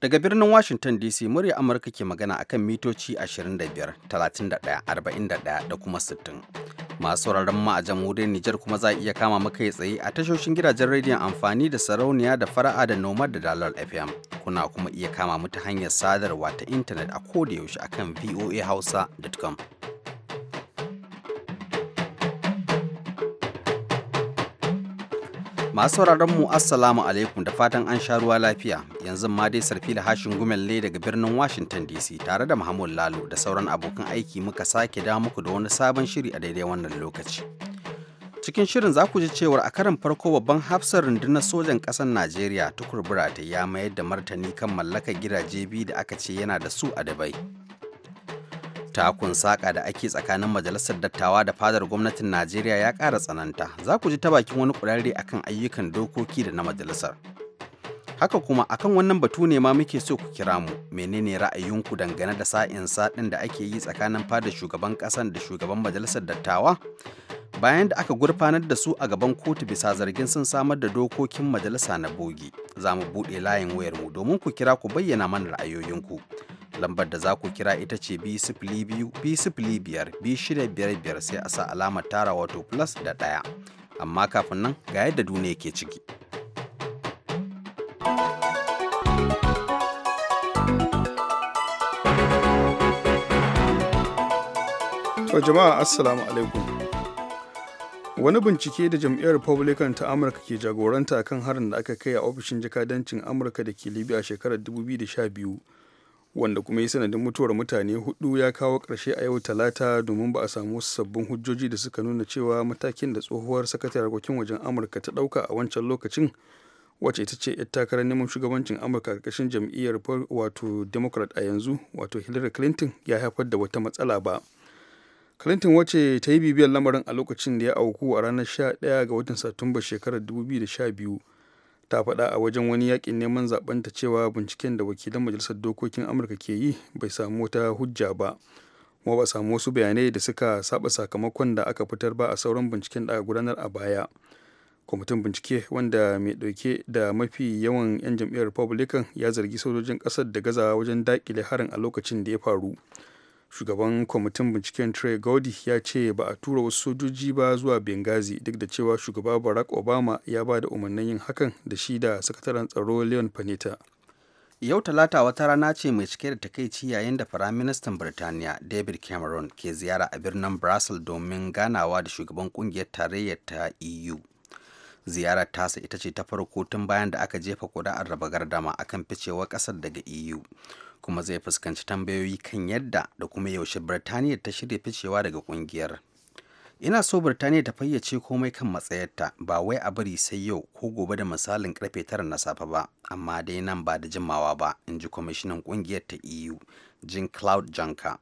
Daga birnin Washington DC murya Amurka ke magana akan mitoci 25, 31, 41 da kuma 60. Masu sauraron mu a jamhuriyar Nijar kuma za a iya kama maka tsaye a tashoshin gidajen rediyon amfani da sarauniya da fara'a da nomad da dalar FM. Kuna kuma iya kama mu hanyar sadarwa ta intanet a yaushe akan voahausa.com. Masu sauraron mu Assalamu alaikum da fatan an sha ruwa lafiya. Yanzu ma dai sarfila hashin gumelle daga birnin Washington DC tare da Muhammad Lalo da sauran abokan aiki muka sake da muku da wani sabon shiri a daidai wannan lokaci. Cikin shirin za ku ji cewar a karin farko babban hafsar rundunar sojan ƙasar Najeriya tukur burata ya mayar da martani kan mallakar gidaje biyu da aka ce yana da su a Dubai. takun saƙa da ake tsakanin majalisar dattawa da fadar gwamnatin najeriya ya ƙara tsananta za ku ji ta bakin wani kurare akan ayyukan dokoki da na majalisar haka kuma akan wannan batu ne ma muke so ku kira mu menene ra'ayinku dangane da sa'in saɗin da ake yi tsakanin fadar shugaban ƙasan da shugaban majalisar dattawa bayan da aka gurfanar da su a gaban kotu bisa zargin sun samar da dokokin majalisa na bogi za mu buɗe layin wayar mu domin ku kira ku bayyana mana ra'ayoyinku lambar da za ku kira ita ce b biyar b shida biyar biyar sai a sa alamar tara wato plus da ɗaya amma kafin nan ga yadda duniya ke ciki To jama'a assalamu alaikum wani bincike da jam'iyyar republican ta amurka ke jagoranta kan harin da aka kai a ofishin jakadancin amurka da ke libya shekarar 2012 wanda kuma yi sanadin mutuwar mutane hudu ya kawo ƙarshe a yau talata domin ba a samu sabbin hujjoji da suka nuna cewa matakin da tsohuwar sakatar harkokin wajen amurka ta ɗauka a wancan lokacin wacce ita ce yar takarar neman shugabancin amurka ƙarƙashin jam'iyyar wato democrat a yanzu wato hillary clinton ya haifar da wata matsala ba clinton wacce ta yi bibiyar lamarin a lokacin da ya auku a ranar 11 ga watan satumba shekarar 2012 ta faɗa a wajen wani yakin neman zaɓenta cewa binciken da wakilan majalisar dokokin amurka ke yi bai samu wata hujja ba kuma ba samu wasu bayanai da suka saba sakamakon da aka fitar ba a sauran binciken da aka gudanar a baya kwamitin bincike wanda mai ɗauke da mafi yawan 'yan jam'iyyar republican ya zargi sojojin ƙasar da gazawa wajen daƙile harin a lokacin da ya faru shugaban kwamitin binciken trey gaudi ya ce ba a tura wasu sojoji ba zuwa benghazi duk da cewa shugaba barack obama ya ba da umarnin yin hakan da shi da sakataren tsaro leon panetta yau talata wata rana ce mai cike da takaici yayin da firaministan birtaniya david cameron ke ziyara a birnin brussels domin ganawa da shugaban kungiyar tarayyar ta eu ziyarar tasa ita ce ta farko tun bayan da aka jefa kuri'ar raba gardama akan ficewar ƙasar daga eu kuma zai fuskanci tambayoyi kan yadda da kuma yaushe birtaniya ta shirya ficewa daga ƙungiyar ina so birtaniya ta fayyace komai kan matsayarta ba wai a bari sai yau ko gobe da misalin karfe tara na safe ba amma dai nan ba da jimawa ba in ji kwamishinan kungiyar ta eu jin cloud janka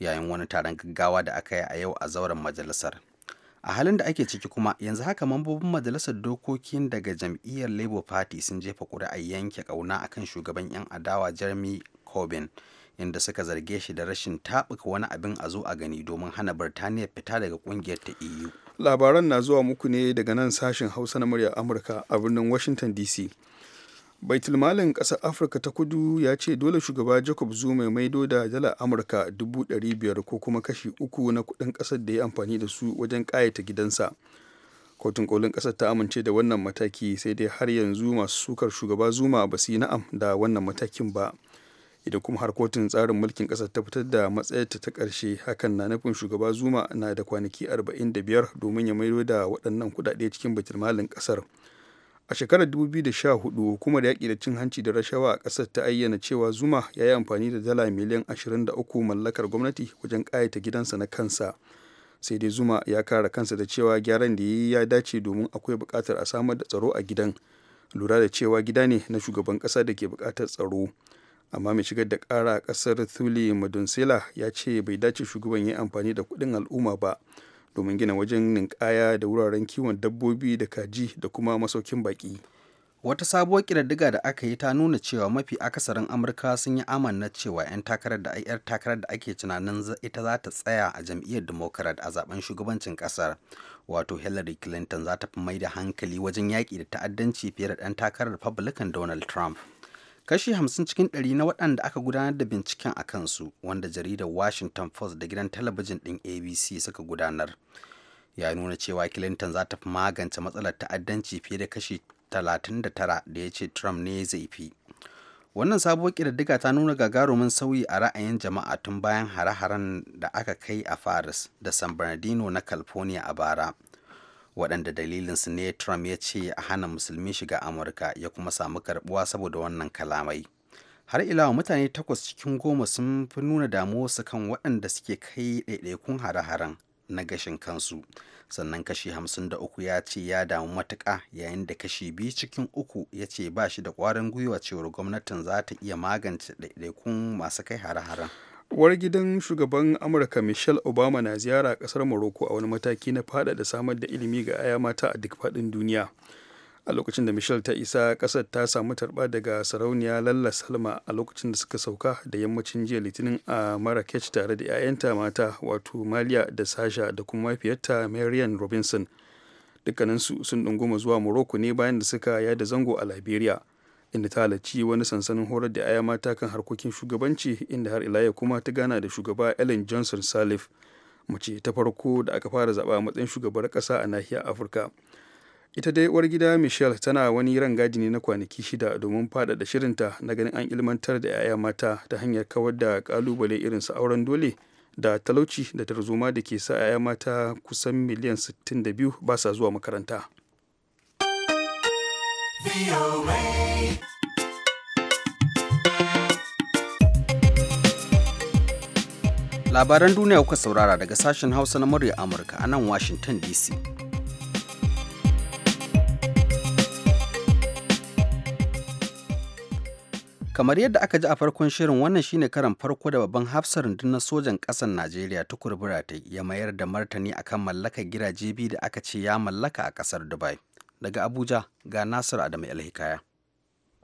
yayin wani taron gaggawa da aka yi a yau a zauren majalisar a halin da ake ciki kuma yanzu haka mambobin majalisar dokokin daga jam'iyyar labour party sun jefa ƙuri'a yanke ƙauna akan shugaban 'yan adawa jeremy corbyn inda suka zarge shi da rashin taɓuka wani abin a zo a gani domin hana birtaniya fita daga ƙungiyar ta eu labaran na zuwa muku ne daga nan sashen hausa na murya amurka a birnin washington dc baitulmalin ƙasar afirka ta kudu ya ce dole shugaba jacob zuma maido da dala amurka 500 ko kuma kashi uku na kudin ƙasar da ya amfani da su wajen ƙayata gidansa kotun kolin ƙasar ta amince da wannan mataki sai dai har yanzu masu sukar shugaba zuma ba su yi na'am da wannan matakin ba idan kuma har kotun tsarin mulkin ƙasar ta fitar da matsayarta ta ƙarshe hakan na nufin shugaba zuma na da kwanaki 45 domin ya maido da waɗannan kuɗaɗe cikin baitulmalin ƙasar. a shekarar 2014 hukumar yaƙi da cin hanci da rashawa a ƙasar ta ayyana cewa zuma ya yi amfani da dala miliyan 23 mallakar gwamnati wajen ƙayata gidansa na kansa sai dai zuma ya kara kansa da cewa gyaran da ya yi ya dace domin akwai buƙatar a samar da tsaro a gidan lura da cewa gida ne na shugaban ƙasa da ke buƙatar tsaro amma mai shigar da ƙara a ƙasar thule madonsela ya ce bai dace shugaban ya yi amfani da kuɗin al'umma ba domin gina wajen ninkaya da wuraren kiwon dabbobi da kaji da kuma masaukin baki. Wata sabuwar ƙididdiga da aka yi ta nuna cewa mafi akasarin Amurka sun yi amanna cewa 'yan takarar da 'yar takarar da ake tunanin ita za ta tsaya a jam'iyyar Democrat a zaben shugabancin kasar Wato Hillary Clinton za ta fi mai da hankali wajen yaƙi da ta'addanci fiye da 'yan takarar Republican Donald Trump. kashi 50 cikin 100 na waɗanda aka gudanar da binciken a kansu wanda jaridar washington post da gidan talabijin ɗin abc suka gudanar ya nuna cewa clinton za ta fi magance matsalar ta'addanci fiye da kashi 39 da ya ce trump ne zai fi wannan sabuwar ƙididdiga ta nuna gagarumin sauyi a ra'ayin jama'a tun bayan hare-haren da aka kai a paris da san bernardino na california a bara waɗanda dalilinsu ne trump ya ce a hana musulmi shiga amurka ya kuma samu karbuwa saboda wannan kalamai har ilawa mutane takwas cikin goma sun fi nuna damuwarsu kan waɗanda suke kai ɗaiɗaikun hare-haren na gashin kansu sannan kashi hamsin 53 ya ce ya damu matuka yayin da kashi biyu cikin uku ya ce ba shi da ƙwarin gwiwa cewar gwamnatin za ta iya magance ɗaiɗaikun masu kai hare-haren uwar gidan shugaban amurka michelle obama na ziyara a kasar morocco a wani mataki na fada da samar da ilimi ga aya mata a duk fadin duniya a lokacin da michelle ta isa kasar ta samu tarba daga sarauniya lalla salma a lokacin da suka sauka da yammacin jiya litinin a marrakech tare da 'ya'yanta mata wato malia da sasha da kuma mafiyarta marian robinson dukkaninsu sun dunguma zuwa morocco ne bayan da suka yada zango a liberia inda ta halarci wani sansanin horar da 'ya'ya mata kan harkokin shugabanci inda har ilaya kuma ta gana da shugaba ellen johnson salif mace ta farko da aka fara zaba a matsayin shugabar kasa a nahiyar afirka ita dai uwar gida michelle tana wani rangaji ne na kwanaki shida domin faɗaɗa shirinta na ganin an ilmantar da 'ya'ya mata ta hanyar kawar da kalubale irin su auren dole da talauci da tarzoma da ke sa 'ya'ya mata kusan miliyan 62 ba sa zuwa makaranta Labaran duniya kuka saurara daga sashen Hausa na murya Amurka a nan Washington DC. kamar yadda aka ji a farkon shirin wannan shine karan farko da babban hafsar rundunar sojan ƙasar najeriya tukur ta ya mayar da martani akan mallakar gidaje biyu da aka ce ya mallaka a ƙasar dubai Daga Abuja ga Nasiru Adamu Alhikaya.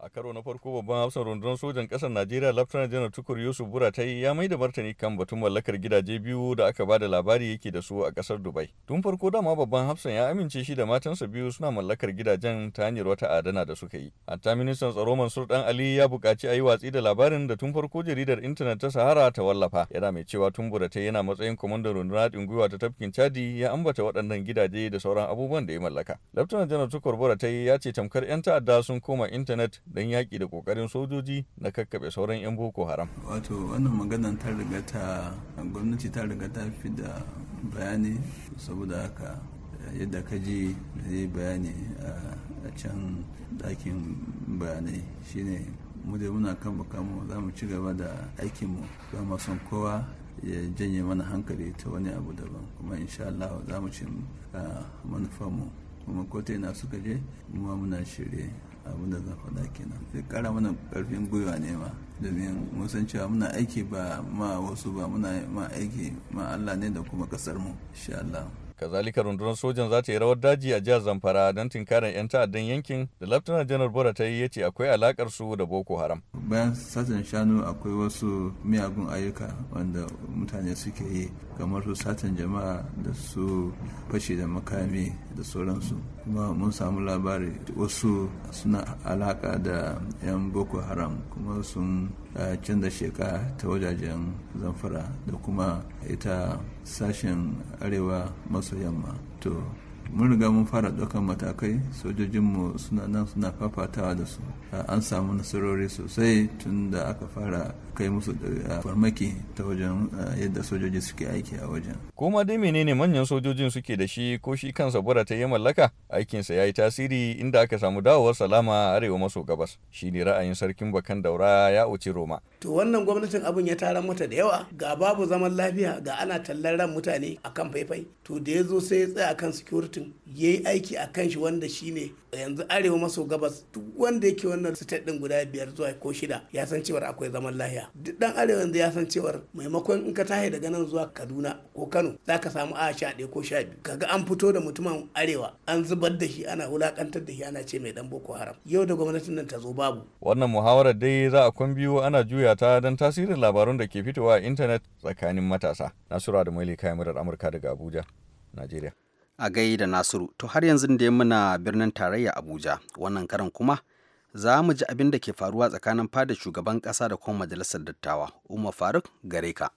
a karo na farko babban hafsan rundunar sojan ƙasar najeriya laftanar janar tukur yusuf buratai ya maida martani kan batun mallakar gidaje biyu da aka bada labari yake da su a ƙasar dubai tun farko dama babban hafsan ya amince shi da matansa biyu suna mallakar gidajen ta hanyar wata adana da suka yi hatta ministan tsaro mansur dan ali ya buƙaci a yi watsi da labarin da tun farko jaridar intanet ta sahara ta wallafa yana mai cewa tun buratai yana matsayin kwamandan rundunar haɗin gwiwa ta tafkin chadi ya ambata waɗannan gidaje da sauran abubuwan da ya mallaka laftanar janar tukur buratai ya ce tamkar 'yan ta'adda sun koma intanet don yaƙi da ƙoƙarin sojoji na kakkaɓe sauran 'yan boko haram wato wannan maganar ta riga ta gwamnati ta riga ta fi da bayani saboda haka yadda ka ji da bayani a can ɗakin bayanai shine mu da muna kan mu za mu ci gaba da aikinmu ba ma son kowa ya janye mana hankali ta wani abu daban kuma insha Allah za mu ci manufarmu kuma ko ta suka je kuma muna shirye abin da zan faɗa kenan sai ƙara mana ƙarfin gwiwa ne ma domin mun san cewa muna aiki ba ma wasu ba muna ma aiki ma Allah ne da kuma ƙasar mu insha Allah Kazalika rundunar sojan za ta yi rawar daji a jihar Zamfara don tinkarar 'yan ta'addan yankin da Laftanar Janar Bora ta yi ya ce akwai alakar su da Boko Haram. Bayan satin shanu akwai wasu miyagun ayyuka wanda mutane suke yi kamar su satin jama'a da su fashe da makami da sauransu. Kuma mun samu labari wasu suna alaka da 'yan Boko Haram kuma sun eh, canza sheka ta wajajen zamfara da kuma ita sashen arewa maso yamma to mun riga mun fara ɗaukan matakai sojojinmu suna nan suna fafatawa da su an samu nasarori sosai tun da aka fara kai musu farmaki ta wajen yadda sojoji suke aiki a wajen. Koma dai menene manyan sojojin suke da shi ko shi kansa bura ta yi mallaka aikinsa ya yi tasiri inda aka samu dawowar salama a arewa maso gabas shi ne ra'ayin sarkin bakan daura ya uci roma. To wannan gwamnatin abin ya tara mata da yawa ga babu zaman lafiya ga ana tallar ran mutane akan faifai to da ya zo sai ya tsaya akan security ya yi aiki a kan shi wanda shine yanzu arewa maso gabas duk wanda yake wannan state din guda biyar zuwa ko shida ya san cewar akwai zaman lahiya duk dan arewa yanzu ya san cewar maimakon in ka tashi daga nan zuwa kaduna ko kano za ka samu a sha ɗaya ko sha biyu kaga an fito da mutumin arewa an zubar da shi ana wulakantar da shi ana ce mai dan boko haram yau da gwamnatin nan ta zo babu wannan muhawarar dai za a kun biyu ana juya ta dan tasirin labarun da ke fitowa a intanet tsakanin matasa nasura da maili kayan murar amurka daga abuja najeriya a gaida nasiru to har yanzu da ya muna birnin tarayya abuja wannan karan kuma za mu ji abin da ke faruwa tsakanin fadar shugaban kasa da kuma majalisar dattawa umar faruk gare ka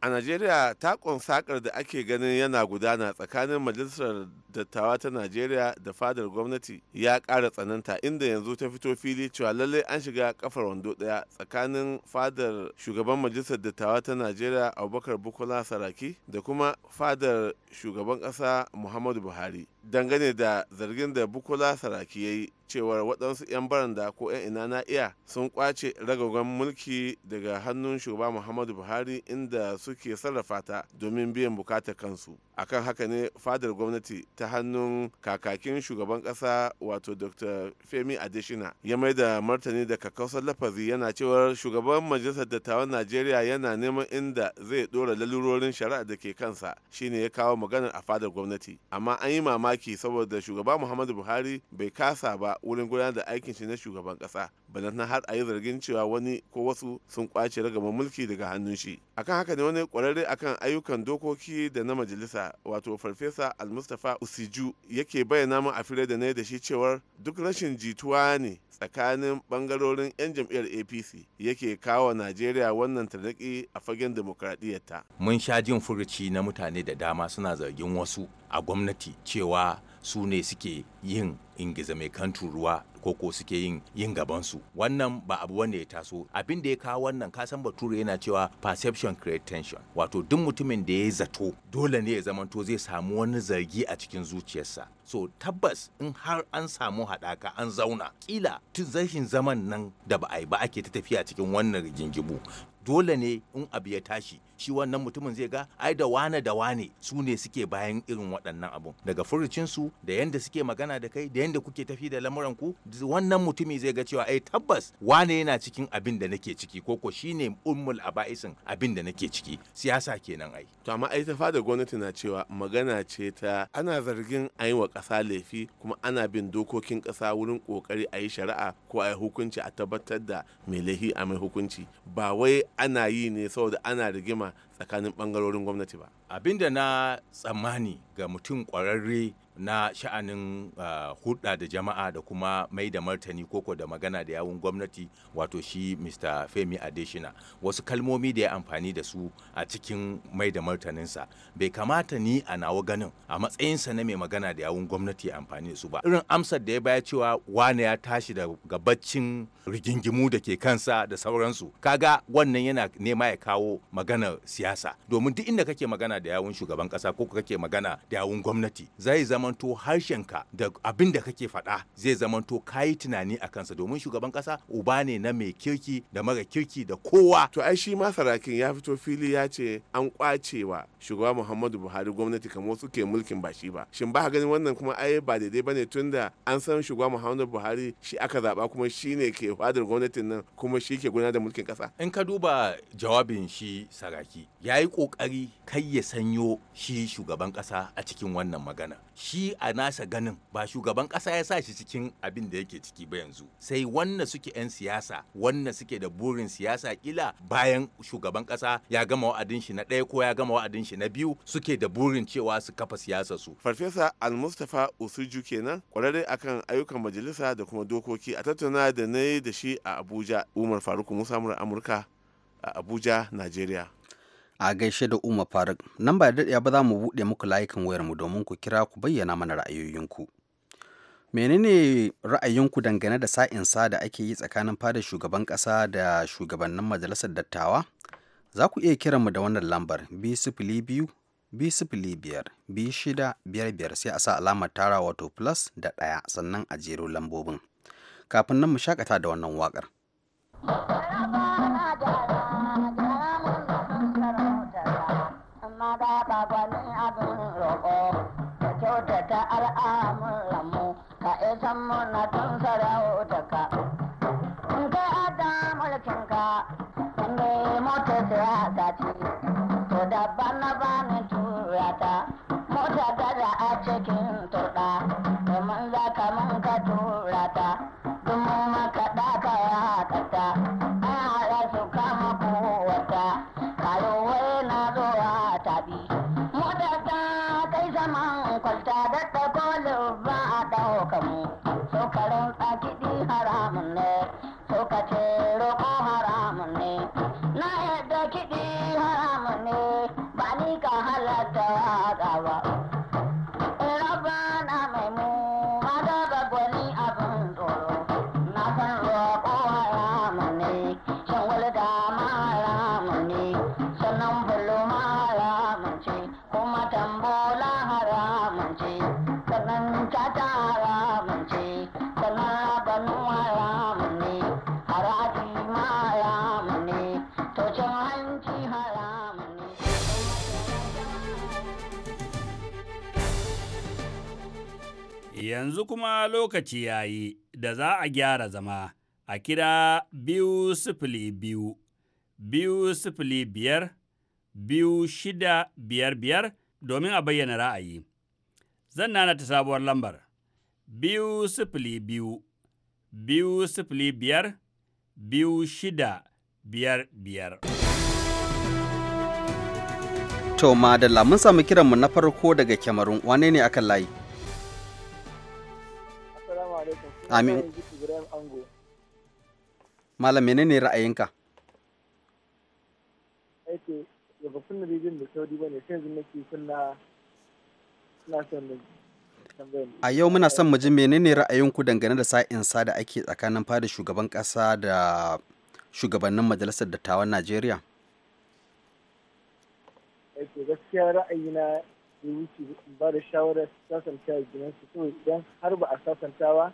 a najeriya takon sakar da ake ganin yana gudana tsakanin majalisar dattawa ta najeriya da fadar gwamnati ya ƙara tsananta inda yanzu ta fito fili cewa lallai an shiga kafar wando ɗaya tsakanin fadar shugaban majalisar dattawa ta najeriya abubakar bukola saraki da kuma fadar shugaban ƙasa muhammadu buhari dangane da zargin da bukola saraki ya yi cewar waɗansu 'yan baranda ko 'yan ina na iya sun kwace ragagon mulki daga hannun shugaba muhammadu buhari inda suke sarrafa ta domin biyan bukatar kansu akan haka ne fadar gwamnati ta hannun kakakin shugaban kasa wato dr femi adeshina ya mai da martani da kakausar lafazi yana cewar shugaban majalisar dattawan najeriya yana neman inda zai dora lalurorin shari'a da ke kansa shine ya kawo maganar a fadar gwamnati amma an yi mamaki saboda shugaba muhammadu buhari bai kasa ba wurin gudanar da aikin shi na shugaban kasa na har a yi zargin cewa wani ko wasu sun kwace ragaman mulki daga hannun shi akan haka ne wani kwararre akan ayyukan dokoki da na majalisa wato farfesa almustapha usiju yake bayyana mu a fira da na da shi cewar duk rashin jituwa ne tsakanin bangarorin 'yan jam'iyyar apc yake kawo najeriya wannan tarnaki a fagen demokradiyyarta mun sha jin furuci na mutane da dama suna zargin wasu a gwamnati cewa su ne suke yin ingiza mai kan turuwa koko suke yin yin gabansu wannan ba abu wanda ya taso abin da ya kawo wannan ka san bature yana cewa perception create tension wato duk mutumin da ya zato dole ne ya zamanto zai samu wani zargi a cikin zuciyarsa so tabbas in har an samu haɗaka an zauna kila tun zashin zaman nan da ba a yi ba ake ta tafiya cikin wannan rigingibu dole ne in abu ya tashi shi wannan mutumin zai ga ai da wane da wane su ne suke bayan irin waɗannan abun daga furucinsu da yanda suke magana da kai da yanda kuke tafi da lamuran ku wannan mutumi zai ga cewa ai tabbas wane yana cikin abin da nake ciki ko ko shine ummul aba'isin abin da nake ciki siyasa kenan ai to amma ai ta fada gwamnati na cewa magana ce ta ana zargin a wa ƙasa laifi kuma ana bin dokokin ƙasa wurin ƙoƙari a yi shari'a ko a yi hukunci a tabbatar da mai laifi a mai hukunci ba wai ana yi ne saboda ana rigima 정말 tsakanin bangarorin gwamnati ba abinda na tsammani ga mutum kwararre na sha'anin ah, hulɗa da jama'a da kuma mai da martani koko da magana da yawun gwamnati wato shi mr femi adeshina wasu kalmomi da ya amfani da su a cikin mai da martaninsa bai kamata ni a nawa ganin a matsayinsa na mai magana da yawun gwamnati amfani da su ba irin amsar da ya baya cewa wane ya tashi daga baccin rigingimu da ke kansa da sauransu kaga wannan yana nema ya kawo maganar siyasa siyasa domin duk inda kake magana da yawun shugaban kasa ko kake magana da yawun gwamnati zai zamanto harshenka da abin da kake faɗa zai zamanto kayi tunani a kansa domin shugaban kasa uba ne na mai kirki da mara kirki da kowa to ai shi ma sarakin ya fito fili ya ce an kwace wa shugaba muhammadu buhari gwamnati kamar ke mulkin ba shi ba shin ba ganin wannan kuma ai ba daidai bane tunda an san shugaba muhammadu buhari shi aka zaba kuma shi ne ke fadar gwamnatin nan kuma shi ke gudanar da mulkin kasa in ka duba jawabin shi saraki ya yi ƙoƙari kai ya sanyo shi shugaban ƙasa a cikin wannan magana shi a nasa ganin ba shugaban ƙasa ya sa shi cikin abin da yake ciki ba yanzu sai wannan suke 'yan siyasa wannan suke da burin siyasa kila bayan shugaban ƙasa ya gama wa'adin shi na ɗaya ko ya gama wa'adin shi na biyu suke da burin cewa su kafa siyasa su farfesa almustafa usuju kenan kwararre akan ayyukan majalisa da kuma dokoki a tattauna da nayi da shi a abuja umar faruk musa amurka a abuja nigeria. a gaishe da Umar Faruk. Nan ba daɗe ba za mu buɗe muku layukan wayarmu domin ku kira ku bayyana mana ra'ayoyinku. Menene ra'ayinku dangane da sa'insa da ake yi tsakanin fadar shugaban ƙasa da shugabannin majalisar dattawa? Za ku iya kiran mu da wannan lambar b biyu b biyar b shida biyar biyar sai a sa alamar tara wato plus da ɗaya sannan a jero lambobin. Kafin nan mu shakata da wannan waƙar. za ka bani abin roƙo ka kyautata al'amuranmu ka isan muna tun in ka ada mota siyasa ce to na bani turata mota da a cikin turɗa domin za ka mun ka tura kwalta da ta kolin ba a ɗaukan yanzu kuma lokaci ya yi da za a gyara zama a kira biyu sifili biyu, biyu sifili biyar, biyu shida biyar biyar domin a bayyana ra'ayi. Zan nana ta sabuwar lambar, biyu sifili biyu, biyu sifili biyar, biyu shida biyar biyar. To, da lamun samu kiranmu na farko daga kyamarun wane ne akan layi? Amin. Malam menene ra'ayinka? Aike, da ba kunna da saudi ba ne, sai yanzu nake kunna na son da A yau muna son mu ji menene ra'ayinku dangane da sa'insa da ake tsakanin fada shugaban kasa da shugabannin majalisar dattawan Najeriya? Ake gaskiya ra'ayina ya wuce ba da shawarar sasanta junansu, so idan har ba a sasantawa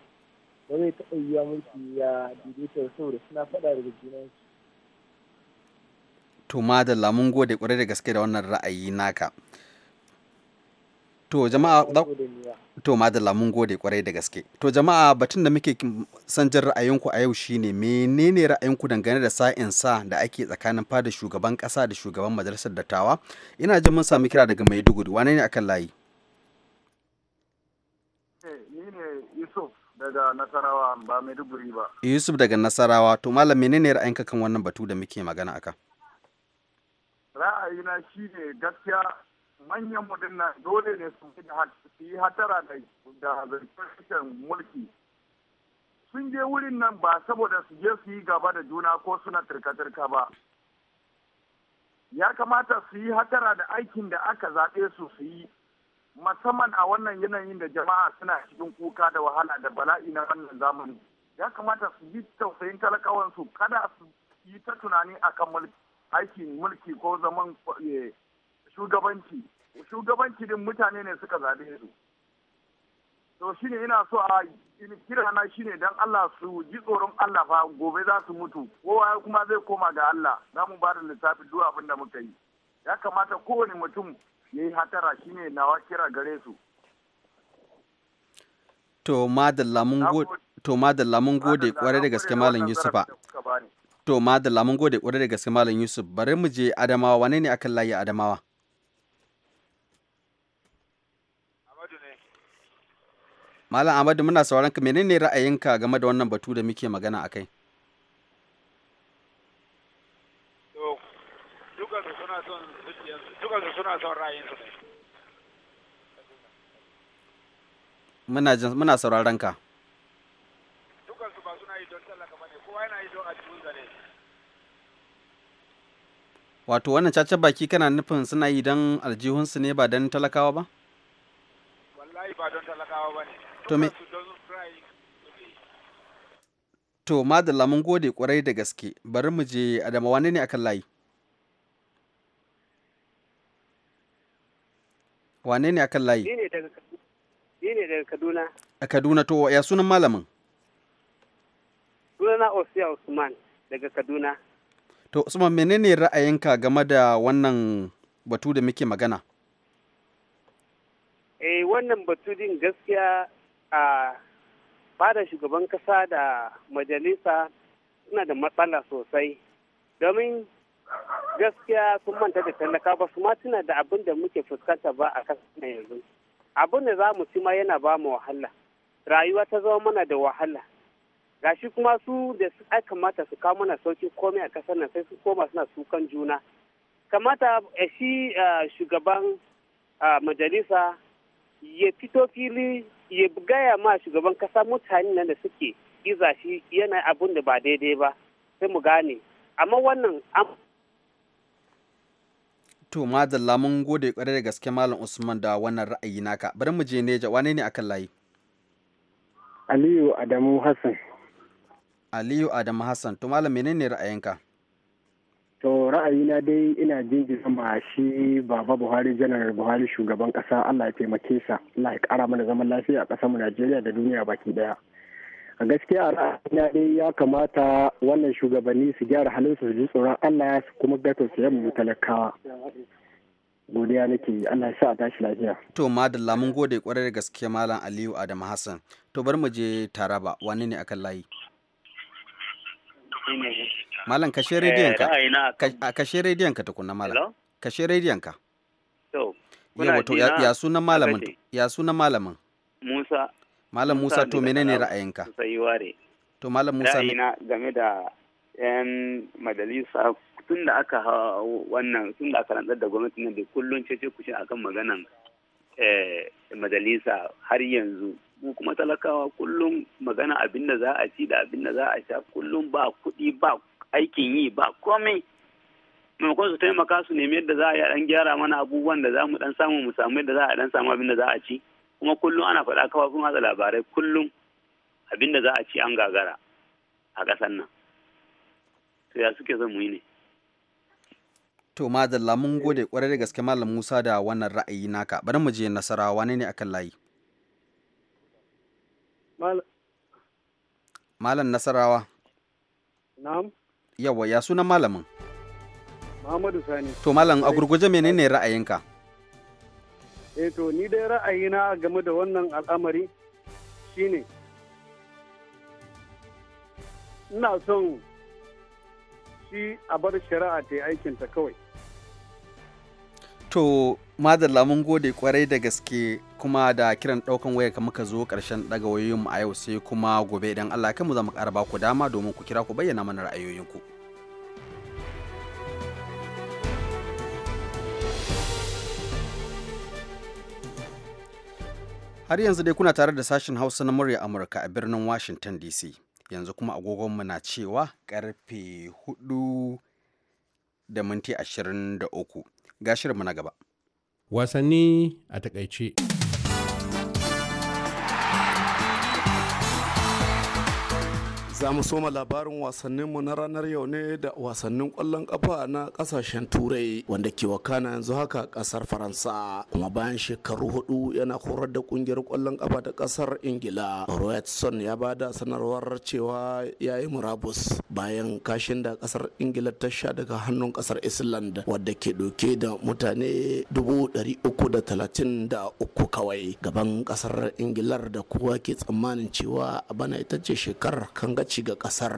ba zai taɓa yiwa mulki ya daidaita saboda suna faɗa daga junan su. To madalla mun gode ƙwarai da gaske da wannan ra'ayi naka. To jama'a to madalla mun gode ƙwarai da gaske. To jama'a batun da muke son jin ra'ayinku a yau shine menene ra'ayinku dangane da sa'in sa da ake tsakanin fada shugaban kasa da shugaban majalisar dattawa? Ina jin mun sami kira daga Maiduguri. Wane ne akan layi? daga Nasarawa ba Maiduguri ba. Yusuf daga Nasarawa to malam menene ra'ayinka kan wannan batu da muke magana aka? Ra'ayina shine gaskiya manyan mutum na dole ne su yi hatara da zarfin mulki sun je wurin nan ba saboda su je su yi gaba da juna ko suna turka-turka ba ya kamata su yi hatara da aikin da aka zaɓe su su yi musamman a wannan yanayin da jama'a suna cikin kuka da wahala da bala'i na wannan zamani ya kamata su ji tausayin talakawan su kada su yi ta tunani akan mulki aikin mulki ko zaman eh, shugabanci shugabanci din mutane ne suka zabe su to shine ina so a kira na shine dan Allah su ji tsoron Allah fa gobe za su mutu kowa kuma zai koma ga Allah za mu ba da lissafi duk abin da muka yi ya kamata kowane mutum ya yi hatara shi ne nawa kira gare su to madalla mun gode to gode kwarai da gaske malam yusufa to madalla mun gode kwarai da gaske malam yusuf bari mu je adamawa wane ne akan layi adamawa Malam Ahmadu muna sauran ka menene ra'ayinka game da wannan batu da muke magana akai? suna son muna jin muna wato wannan caca baki kana nufin suna yi don aljihunsu ne ba don talakawa ba wallahi ba don talakawa ba ne to me to madalla gode kwarai da gaske bari mu je wane ne akan layi wane ne akan layi ne daga kaduna a kaduna to ya sunan malamin sunana osiya usman daga kaduna to usman menene ra'ayinka game da wannan batu da muke magana eh wannan batu din gaskiya a fada shugaban kasa da majalisa suna da matsala sosai domin gaskiya sun manta da talaka ba su ma tuna da abin da muke fuskanta ba a kasa yanzu abin da za mu ci ma yana ba mu wahala rayuwa ta zama mana da wahala gashi kuma su da su kamata su kawo mana sauki komai a kasar nan sai su koma suna sukan juna kamata a eh, shi eh, shugaban eh, majalisa ya fito fili ya gaya ma shugaban kasa mutane nan da suke iza shi yana abun da ba daidai ba sai mu gane amma wannan an To madalla mun gode kware da gaske Malam Usman da wannan ra'ayi naka. Bari mu je Neja wane ne akan layi? Aliyu Adamu Hassan. Aliyu Adamu Hassan to malam menene ra'ayinka? To ra'ayina dai ina jinjina ma shi Baba Buhari Janar Buhari shugaban kasa Allah ya taimake sa Allah ya kara mana zaman lafiya a kasar mu Najeriya da duniya baki daya. a gaskiya a ra'ayina dai ya kamata wannan shugabanni su gyara halinsu su ji tsoron allah su kuma gato su yamma talakawa godiya nake allah ya sa a tashi lafiya to madalla mun gode kwarai da gaske malam aliyu adam hassan to bar mu je taraba wani ne akan layi malam kashe eh, rediyon ka kashe rediyon ka tukunna malam kashe rediyon ka ya sunan malamin ya sunan malamin musa Malam Musa to menene ra'ayinka? To Malam Musa ra'ayina game da 'yan majalisa tun da aka wannan tun da aka rantsar da gwamnati nan da kullum cece kushe akan maganan eh, majalisa har yanzu mu kuma talakawa kullum magana abin da za a ci da abin da za a sha kullum ba kuɗi ba aikin yi ba komai maimakon su taimaka su nemi yadda za a yi dan gyara mana abubuwan da za mu dan samu mu samu yadda za a dan samu abin da za a ci kuma kullum ana faɗa kafafun watsa labarai kullum abin da za a ci an gagara a ƙasar nan to ya suke son mu ne to madalla mun gode kwarai da gaske malam musa da wannan ra'ayi naka bari mu je nasarawa ne ne akan layi malam nasarawa na'am yawa ya sunan malamin Muhammadu Sani. To Malam a gurguje menene ra'ayinka? eh to ni dai ra'ayina game da wannan al'amari shine ina son shi a bar shari'a ta aikin ta kawai to madalla mun gode kwarai da gaske kuma da kiran daukan waya ka muka zo karshen daga wayoyinmu a yau sai kuma gobe idan Allah kai mu zama mu ku dama domin ku kira ku bayyana mana ra'ayoyinku. Har yanzu dai kuna tare da sashen Hausa na murya Amurka a birnin Washington DC. Yanzu kuma agogonmu na cewa karfe 4 da minti 23. Ga na gaba. Wasanni a takaice. za mu soma labarin wasanninmu na ranar yau ne da wasannin kwallon kafa na kasashen turai wanda ke wakana yanzu haka kasar faransa kuma bayan shekaru hudu yana horar da kungiyar kwallon kafa ta kasar ingila royatson ya ba da sanarwar cewa ya yi murabus bayan kashin da kasar ingila ta sha daga hannun kasar island wadda ke doke da mutane uku kawai gaban kasar ingilar da kowa ke tsammanin cewa a bana ita ce shekarar kanga gaci ga kasar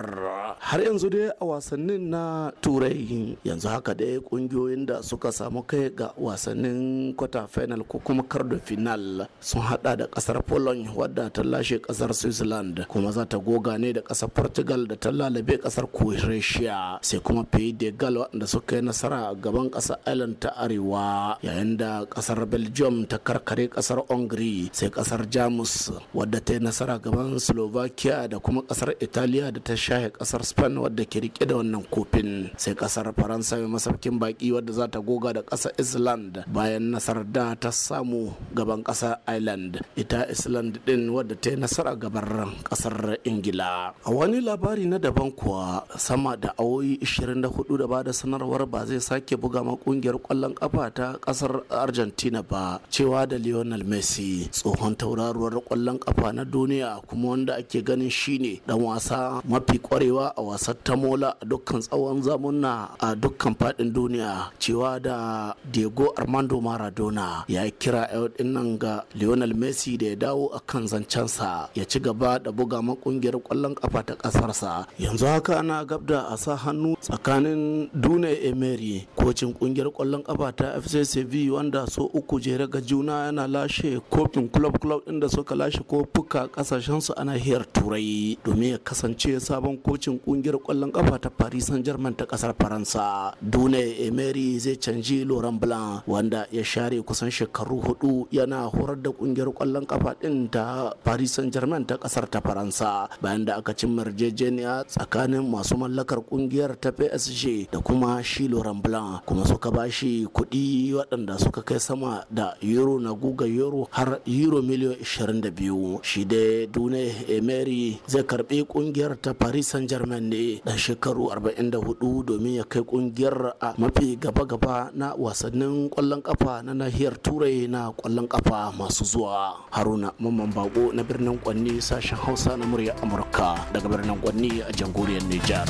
har yanzu dai a wasannin na turai yanzu haka dai kungiyoyin da suka samu kai ga wasannin kwata final ko kuma kardo final sun hada da kasar poland wadda ta lashe kasar switzerland kuma za ta goga ne da kasar portugal da ta lalabe kasar croatia sai kuma pays de gal waɗanda suka yi nasara a gaban kasar ireland ta arewa yayin da kasar belgium ta karkare kasar hungary sai kasar jamus wadda ta yi nasara gaban slovakia da kuma kasar italy italiya da ta shahe kasar spain wadda ke rike da wannan kofin sai kasar faransa mai masaukin baki wadda za ta goga da kasar island bayan nasarar da ta samu gaban kasar ireland ita island din wadda ta yi nasara gabar kasar ingila a wani labari na daban kuwa sama da awoyi 24 da ba da sanarwar ba zai sake buga ma kungiyar kwallon kafa ta kasar argentina ba cewa da lionel messi tsohon tauraruwar kwallon kafa na duniya kuma wanda ake ganin shine dan wasa wasa mafi kwarewa a wasan tamola a dukkan tsawon zamunna a dukkan fadin duniya cewa da diego armando maradona ya kira yau dinnan ga lionel messi da ya dawo a kan sa ya ci gaba da buga makungiyar kwallon kafa ta kasarsa yanzu haka ana gab a sa hannu tsakanin dune emery kocin kungiyar kwallon kafa ta fccv wanda so uku jere ga juna yana lashe kofin club club din da suka lashe kofuka su ana nahiyar turai domin ya kasance sabon kocin kungiyar kwallon kafa ta Paris Saint-Germain ta kasar Faransa. Dune Emery zai canji Laurent Blanc wanda ya share kusan shekaru hudu yana horar da kungiyar kwallon kafa din ta Paris Saint-Germain ta kasar ta Faransa bayan da aka cimma yarjejeniya tsakanin masu mallakar kungiyar ta PSG da kuma shi Laurent Blanc kuma suka shi, kuɗi waɗanda suka kai sama da euro na guga euro har euro miliyan 22 shi dai Dune Emery zai karbi kungiyar kungiyar ta Paris Saint-Germain ne dan shekaru 44 domin ya kai kungiyar a mafi gaba-gaba na wasannin kwallon kafa na nahiyar Turai na kwallon kafa masu zuwa. Haruna Mamman Bago na birnin Kwanni sashen Hausa na murya Amurka daga birnin Kwanni a jamhuriyar Nijar.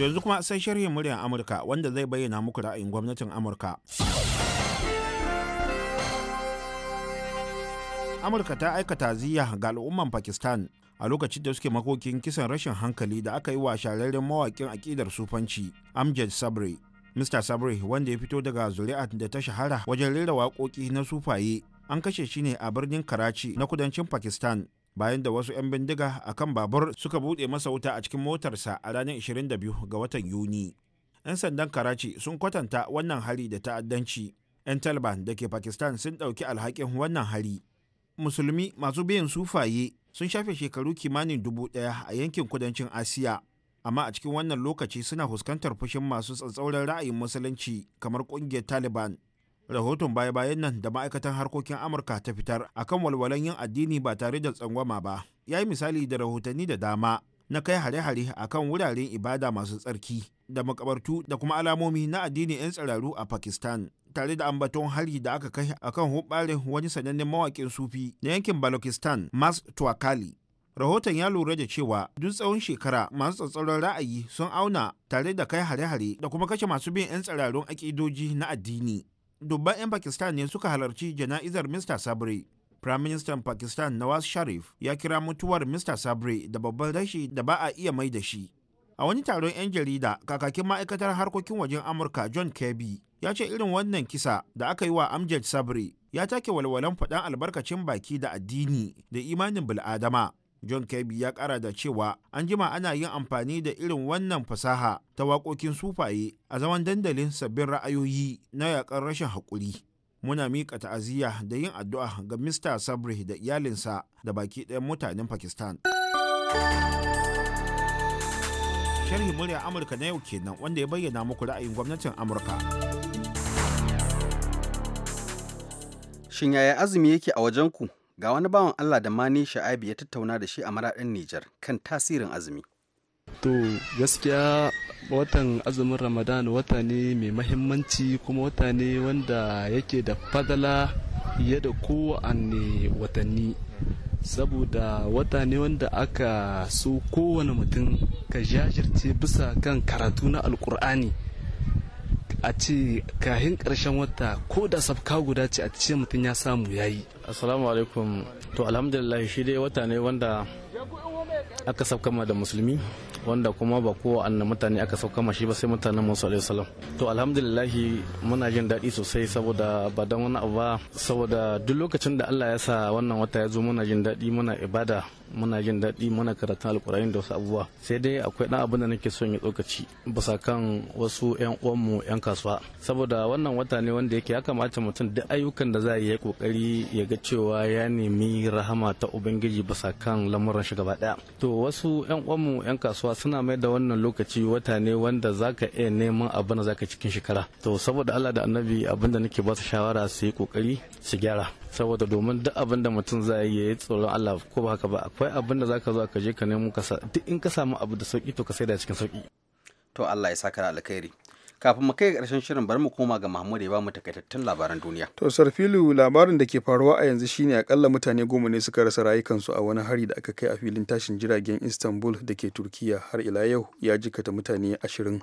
yanzu kuma sai sharhin muryar Amurka wanda zai bayyana muku ra'ayin gwamnatin Amurka. amurka ta aikata ziya ga al'umman pakistan a lokacin da suke makokin kisan rashin hankali da aka yi wa shararren mawakin akidar sufanci amjad sabri mr sabri wanda ya fito daga zuriat da ta shahara wajen rera waƙoƙi na sufaye an kashe shi ne a birnin karachi na kudancin pakistan bayan da wasu 'yan bindiga a kan babur suka buɗe masa wuta a cikin motarsa a ranar 22 ga watan yuni 'yan sandan karachi sun kwatanta wannan hari da ta'addanci 'yan taliban da ke pakistan sun ɗauki alhakin wannan hari musulmi masu biyan sufaye sun shafe shekaru kimanin dubu ɗaya a yankin kudancin asiya amma a cikin wannan lokaci suna fuskantar fushin masu tsatsauran ra'ayin musulunci kamar ƙungiyar taliban rahoton baya-bayan nan da ma'aikatan harkokin amurka ta fitar akan walwalan yin addini ba tare da tsangwama ba ya yi misali da rahotanni da dama na kai hare-hare a kan wuraren ibada masu tsarki da makabartu da kuma alamomi na addinin 'yan tsiraru a pakistan tare da ambaton hari da aka kai a kan hubbarin wani sanannen mawakin sufi na yankin balochistan mas tuwakali rahoton ya lura da cewa duk tsawon shekara masu tsatsauran ra'ayi sun auna tare da kai hare-hare da kuma kashe masu bin 'yan tsirarun akidoji na addini dubban 'yan pakistan ne suka halarci jana'izar mr sabri prime Firaministan Pakistan Nawaz Sharif ya kira mutuwar Mr. Sabri da babban rashi da ba a iya mai da shi. A wani taron 'yan jarida, kakakin ma'aikatar harkokin wajen Amurka John Kirby ya ce irin wannan kisa da aka yi wa Amjad Sabri ya take walwalan faɗan albarkacin baki da addini da imanin bil'adama. John Kirby ya ƙara da cewa an jima ana yin amfani da irin wannan fasaha ta waƙoƙin sufaye a zaman dandalin sabbin ra'ayoyi na yaƙar rashin haƙuri. muna miƙa ta'aziyya da yin addu'a ga Mr. Sabri da iyalinsa da baki ɗayan mutanen Pakistan. Sharhi murya Amurka na yau kenan wanda ya bayyana muku ra'ayin gwamnatin Amurka. Shin yaya azumi yake a wajenku? Ga wani bawan Allah da Mani Sha'abi ya tattauna da shi a maraɗin Nijar kan tasirin azumi. To gaskiya watan azumin Ramadan wata ne mai mahimmanci kuma wata ne wanda yake da fadala fiye da kowane watanni. Saboda wata ne wanda aka so kowane mutum ka jajirce bisa kan karatu na alkur'ani. a ce kahin karshen wata ko da sabka guda ce a ce mutum ya samu ya yi. Assalamu alaikum. To alhamdulillah shi dai wata ne wanda aka sabkama da musulmi wanda kuma ba kowanne mutane aka sauka mashi ba sai mutanen musu alaihi salam to alhamdulillahi muna jin daɗi sosai saboda ba dan wani abu ba saboda duk lokacin da Allah ya sa wannan wata ya zo muna jin daɗi muna ibada muna jin daɗi muna karatun alkur'ani da wasu abubuwa sai dai akwai ɗan abin da nake son ya tsokaci bisa kan wasu 'yan uwanmu 'yan kasuwa saboda wannan wata ne wanda yake ya kamata mutum duk ayyukan da za a yi kokari ya ga cewa ya nemi rahama ta ubangiji bisa kan lamuran shi gaba ɗaya to wasu 'yan uwanmu 'yan kasuwa suna mai da wannan lokaci wata ne wanda zaka iya neman abin da zaka cikin shekara to saboda Allah da annabi abin da nake ba su shawara su yi kokari su gyara saboda domin duk abin da mutum za yi ya tsoro Allah ko ba haka ba akwai abin da zaka zo ka je ka nemo ka duk in ka samu abu da sauki to ka saida cikin sauki to Allah ya saka da alkhairi kafin mu kai ƙarshen shirin bari mu koma ga Mahmud ya ba mu takaitattun labaran duniya to Sarfilu labarin da ke faruwa a yanzu shine akalla mutane goma ne suka rasa rayukansu a wani hari da aka kai a filin tashin jiragen Istanbul da ke Turkiya har ila yau ya jikata mutane ashirin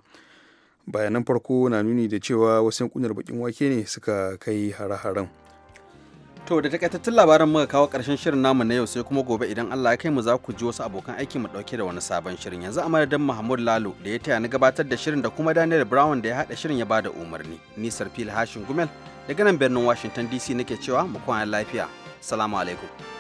bayanan farko na nuni da cewa wasu yankunar bakin wake ne suka kai hare-haren To da takaitattun labaran muka kawo karshen shirin namu na yau sai kuma gobe idan Allah ya kai mu za ku ji wasu abokan aiki mu dauke da wani sabon shirin yanzu a madadin Mahmud Lalo da ya taya ni gabatar da shirin da kuma Daniel Brown da ya hada shirin ya bada umarni. Ni Sarfil Hashin Gumel daga nan birnin Washington DC nake cewa mu kwana lafiya. Salamu alaikum.